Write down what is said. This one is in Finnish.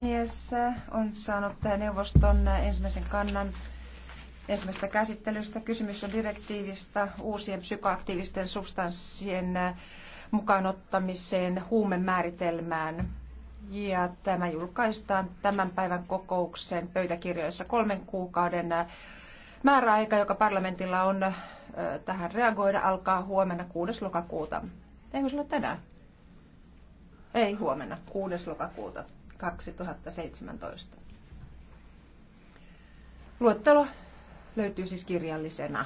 puhemies on saanut neuvoston ensimmäisen kannan ensimmäisestä käsittelystä. Kysymys on direktiivistä uusien psykoaktiivisten substanssien mukaanottamiseen huumemääritelmään. Ja tämä julkaistaan tämän päivän kokouksen pöytäkirjoissa kolmen kuukauden määräaika, joka parlamentilla on tähän reagoida, alkaa huomenna 6. lokakuuta. Eikö se ole tänään? Ei huomenna, 6. lokakuuta. 2017. Luettelo löytyy siis kirjallisena.